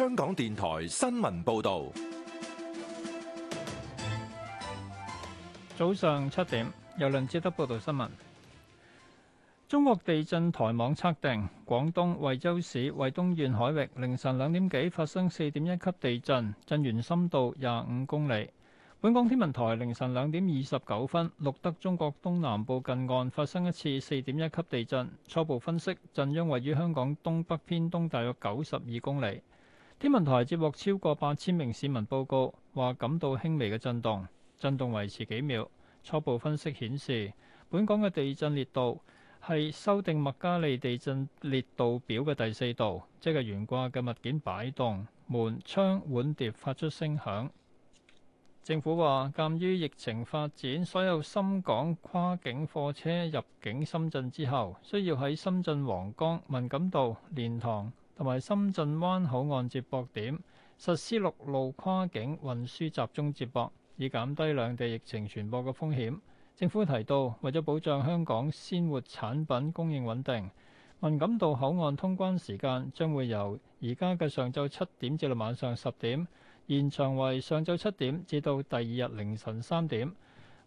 香港電台新聞報道，早上七點，由梁志德報道新聞。中國地震台網測定，廣東惠州市惠東縣海域凌晨兩點幾發生四點一級地震，震源深度廿五公里。本港天文台凌晨兩點二十九分錄得中國東南部近岸發生一次四點一級地震，初步分析震央位於香港東北偏東大約九十二公里。天文台接獲超過八千名市民報告，話感到輕微嘅震動，震動維持幾秒。初步分析顯示，本港嘅地震烈度係修訂麥加利地震烈度表嘅第四度，即係懸掛嘅物件擺動、門窗碗碟發出聲響。政府話，鑑於疫情發展，所有深港跨境貨車入境深圳之後，需要喺深圳皇崗、文錦渡、蓮塘、連同埋深圳灣口岸接駁點實施陸路跨境運輸集中接駁，以減低兩地疫情傳播嘅風險。政府提到，為咗保障香港鮮活產品供應穩定，文錦渡口岸通關時間將會由而家嘅上晝七點至到晚上十點，延長為上晝七點至到第二日凌晨三點。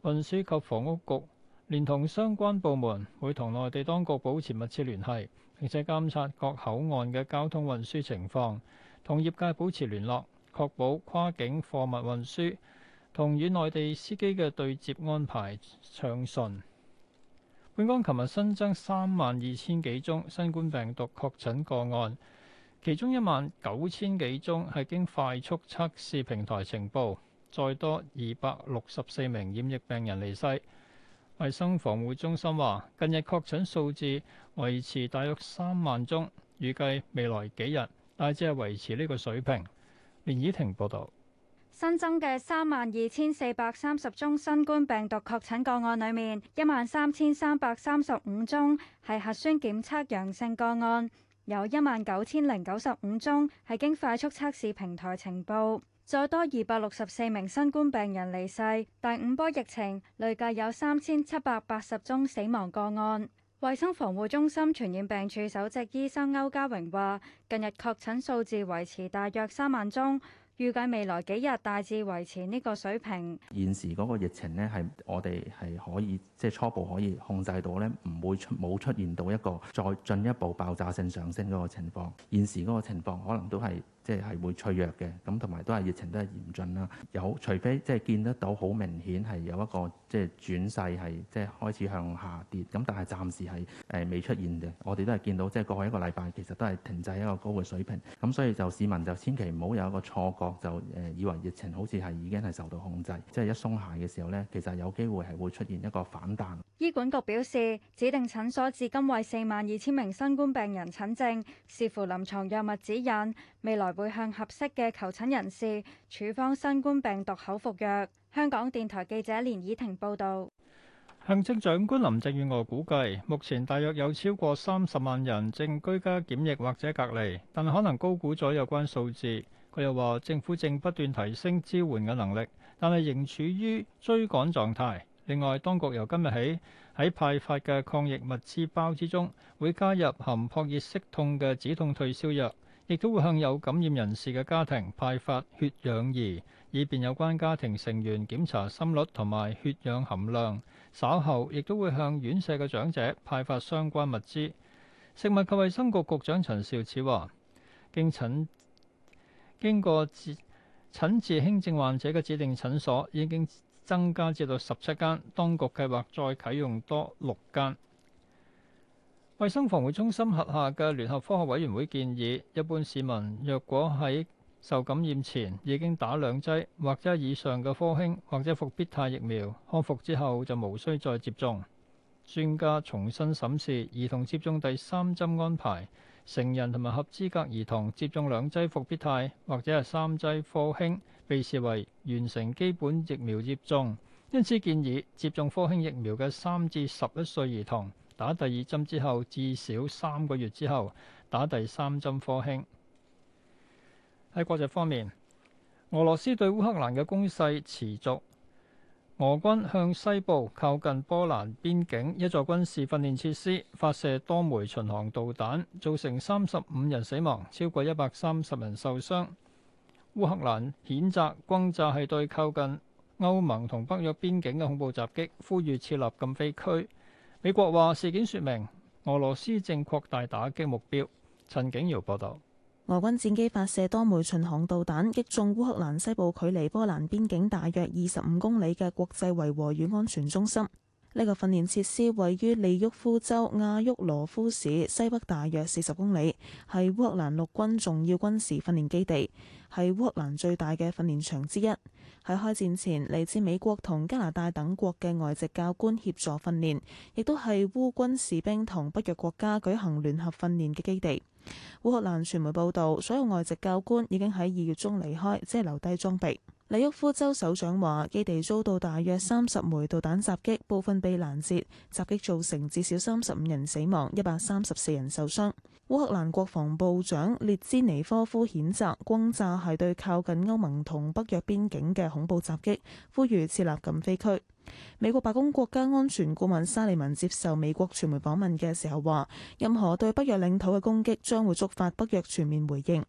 運輸及房屋局。連同相關部門會同內地當局保持密切聯繫，並且監察各口岸嘅交通運輸情況，同業界保持聯絡，確保跨境貨物運輸同與內地司機嘅對接安排暢順。本港琴日新增三萬二千幾宗新冠病毒確診個案，其中一萬九千幾宗係經快速測試平台呈報，再多二百六十四名染疫病人離世。衞生防護中心話，近日確診數字維持大約三萬宗，預計未來幾日大致係維持呢個水平。連怡婷報導，新增嘅三萬二千四百三十宗新冠病毒確診個案裏面，一萬三千三百三十五宗係核酸檢測陽性個案，有一萬九千零九十五宗係經快速測試平台呈報。再多二百六十四名新冠病人離世，第五波疫情累計有三千七百八十宗死亡個案。衛生防護中心傳染病處首席醫生歐家榮話，近日確診數字維持大約三萬宗，預計未來幾日大致維持呢個水平。現時嗰個疫情咧，係我哋係可以即係、就是、初步可以控制到咧，唔會出冇出現到一個再進一步爆炸性上升嗰個情況。現時嗰個情況可能都係。即係係會脆弱嘅，咁同埋都係疫情都係嚴峻啦。有除非即係見得到好明顯係有一個即係轉勢係即係開始向下跌，咁但係暫時係誒未出現嘅。我哋都係見到即係過去一個禮拜其實都係停滯一個高嘅水平，咁所以就市民就千祈唔好有一個錯覺，就誒以為疫情好似係已經係受到控制，即係一鬆懈嘅時候呢，其實有機會係會出現一個反彈。醫管局表示，指定診所至今為四萬二千名新冠病人診症，視乎臨床藥物指引，未來會向合適嘅求診人士處方新冠病毒口服藥。香港電台記者連以婷報道。行政長官林鄭月娥估計，目前大約有超過三十萬人正居家檢疫或者隔離，但可能高估咗有關數字。佢又話，政府正不斷提升支援嘅能力，但係仍處於追趕狀態。另外，當局由今日起喺派發嘅抗疫物資包之中，會加入含撲熱息痛嘅止痛退燒藥，亦都會向有感染人士嘅家庭派發血氧儀，以便有關家庭成員檢查心率同埋血氧含量。稍後亦都會向院舍嘅長者派發相關物資。食物及衛生局局，局長陳肇始話：經診經過自診治診治輕症患者嘅指定診所已經，增加至到十七間，當局計劃再啟用多六間。衛生防護中心轄下嘅聯合科學委員會建議，一般市民若果喺受感染前已經打兩劑或者以上嘅科興或者復必泰疫苗，康復之後就無需再接種。專家重新審視兒童接種第三針安排，成人同埋合資格兒童接種兩劑復必泰或者係三劑科興，被視為完成基本疫苗接種，因此建議接種科興疫苗嘅三至十一歲兒童打第二針之後，至少三個月之後打第三針科興。喺國際方面，俄羅斯對烏克蘭嘅攻勢持續，俄軍向西部靠近波蘭邊境一座軍事訓練設施發射多枚巡航導彈，造成三十五人死亡，超過一百三十人受傷。烏克蘭譴責轟炸係對靠近歐盟同北約邊境嘅恐怖襲擊，呼籲設立禁飛區。美國話事件說明俄羅斯正擴大打擊目標。陳景堯報道，俄軍戰機發射多枚巡航導彈，擊中烏克蘭西部，距離波蘭邊境大約二十五公里嘅國際維和與安全中心。呢、這個訓練設施位於利沃夫州亞沃羅夫市西北大約四十公里，係烏克蘭陸軍重要軍事訓練基地。係烏克蘭最大嘅訓練場之一，喺開戰前嚟自美國同加拿大等國嘅外籍教官協助訓練，亦都係烏軍士兵同北約國家舉行聯合訓練嘅基地。烏克蘭傳媒報導，所有外籍教官已經喺二月中離開，只係留低裝備。利沃夫州首長話，基地遭到大約三十枚導彈襲擊，部分被攔截。襲擊造成至少三十五人死亡，一百三十四人受傷。烏克蘭國防部長列茲尼科夫譴責轟炸係對靠近歐盟同北約邊境嘅恐怖襲擊，呼籲設立禁飛區。美國白宮國家安全顧問沙利文接受美國傳媒訪問嘅時候話，任何對北約領土嘅攻擊將會觸發北約全面回應。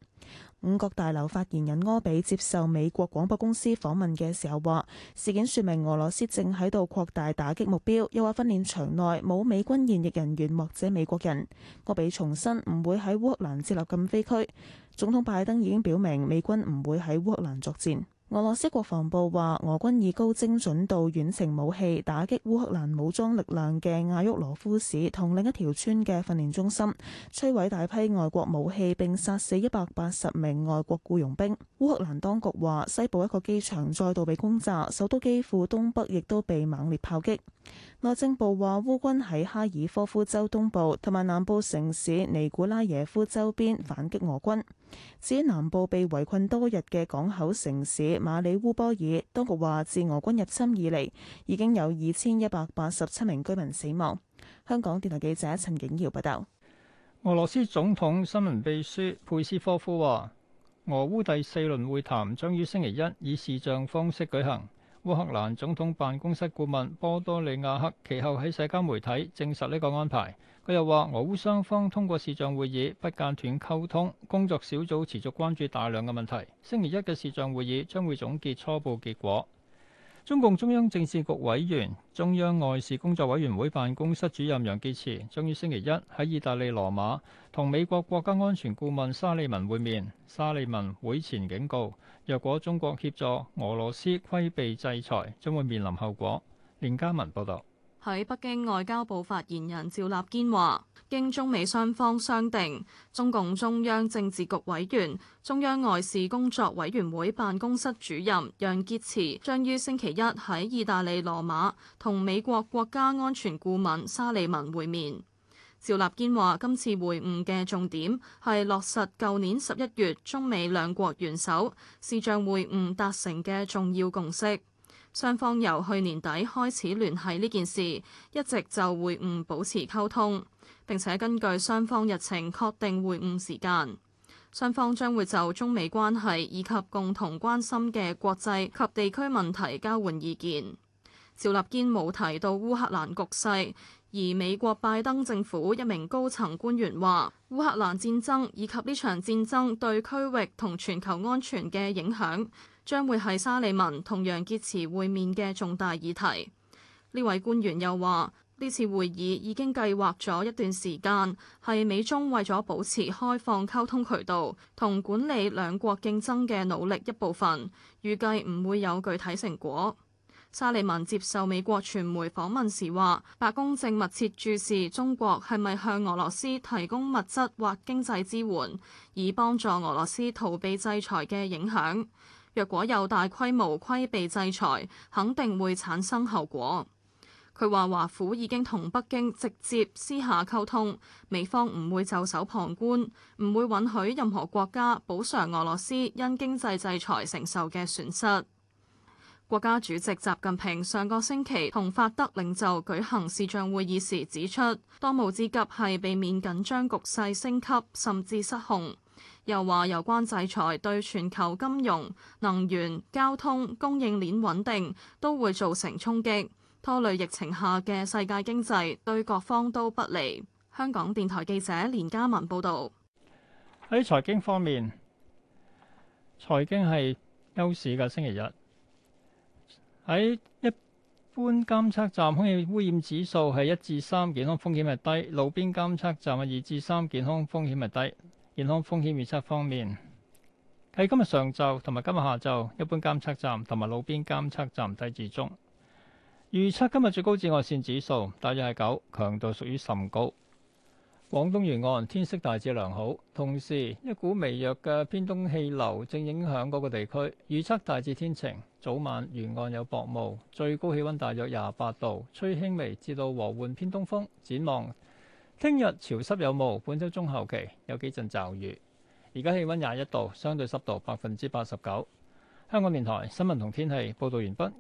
五角大樓發言人柯比接受美國廣播公司訪問嘅時候話：事件説明俄羅斯正喺度擴大打擊目標，又話訓練場內冇美軍現役人員或者美國人。柯比重申唔會喺烏克蘭設立禁飛區。總統拜登已經表明美軍唔會喺烏克蘭作戰。俄羅斯國防部話，俄軍以高精準度遠程武器打擊烏克蘭武裝力量嘅亞沃羅夫市同另一條村嘅訓練中心，摧毀大批外國武器，並殺死一百八十名外國僱傭兵。烏克蘭當局話，西部一個機場再度被轟炸，首都基輔東北亦都被猛烈炮擊。內政部話烏軍喺哈爾科夫州東部同埋南部城市尼古拉耶夫周邊反擊俄軍。至於南部被圍困多日嘅港口城市馬里烏波爾，當局話自俄軍入侵以嚟，已經有二千一百八十七名居民死亡。香港電台記者陳景耀報道。俄羅斯總統新聞秘書佩斯科夫話，俄烏第四輪會談將於星期一以視像方式舉行。烏克蘭總統辦公室顧問波多利亞克其後喺社交媒體證實呢個安排。佢又話：俄烏雙方通過視像會議不間斷溝通，工作小組持續關注大量嘅問題。星期一嘅視像會議將會總結初步結果。中共中央政治局委員、中央外事工作委員會辦公室主任楊潔篪終於星期一喺意大利羅馬同美國國家安全顧問沙利文會面。沙利文會前警告，若果中國協助俄羅斯規避制裁，將會面臨後果。連家文報道。喺北京外交部發言人趙立堅話，經中美雙方商定，中共中央政治局委員、中央外事工作委員會辦公室主任楊潔篪將於星期一喺意大利羅馬同美國國家安全顧問沙利文會面。趙立堅話，今次會晤嘅重點係落實舊年十一月中美兩國元首視像會晤達成嘅重要共識。雙方由去年底開始聯繫呢件事，一直就會晤保持溝通，並且根據雙方日程確定會晤時間。雙方將會就中美關係以及共同關心嘅國際及地區問題交換意見。趙立堅冇提到烏克蘭局勢。而美國拜登政府一名高層官員話，烏克蘭戰爭以及呢場戰爭對區域同全球安全嘅影響，將會係沙利文同楊潔篪會面嘅重大議題。呢位官員又話，呢次會議已經計劃咗一段時間，係美中為咗保持開放溝通渠道同管理兩國競爭嘅努力一部分，預計唔會有具體成果。沙利文接受美國傳媒訪問時話，白宮正密切注視中國係咪向俄羅斯提供物質或經濟支援，以幫助俄羅斯逃避制裁嘅影響。若果有大規模規避制裁，肯定會產生後果。佢話華府已經同北京直接私下溝通，美方唔會袖手旁觀，唔會允許任何國家補償俄羅斯因經濟制裁承受嘅損失。國家主席習近平上個星期同法德領袖舉行視像會議時指出，當務之急係避免緊張局勢升級，甚至失控。又話有關制裁對全球金融、能源、交通、供應鏈穩定都會造成衝擊，拖累疫情下嘅世界經濟，對各方都不利。香港電台記者連嘉文報導。喺財經方面，財經係休市嘅星期日。喺一般監測站空氣污染指數係一至三，3, 健康風險係低；路邊監測站係二至三，3, 健康風險係低。健康風險預測方面，喺今日上晝同埋今日下晝，一般監測站同埋路邊監測站低至中。預測今日最高紫外線指數大約係九，強度屬於甚高。廣東沿岸天色大致良好，同時一股微弱嘅偏東氣流正影響嗰個地區，預測大致天晴，早晚沿岸有薄霧，最高氣温大約廿八度，吹輕微至到和緩偏東風。展望聽日潮濕有霧，本週中後期有幾陣驟雨。而家氣温廿一度，相對濕度百分之八十九。香港電台新聞同天氣報導完畢。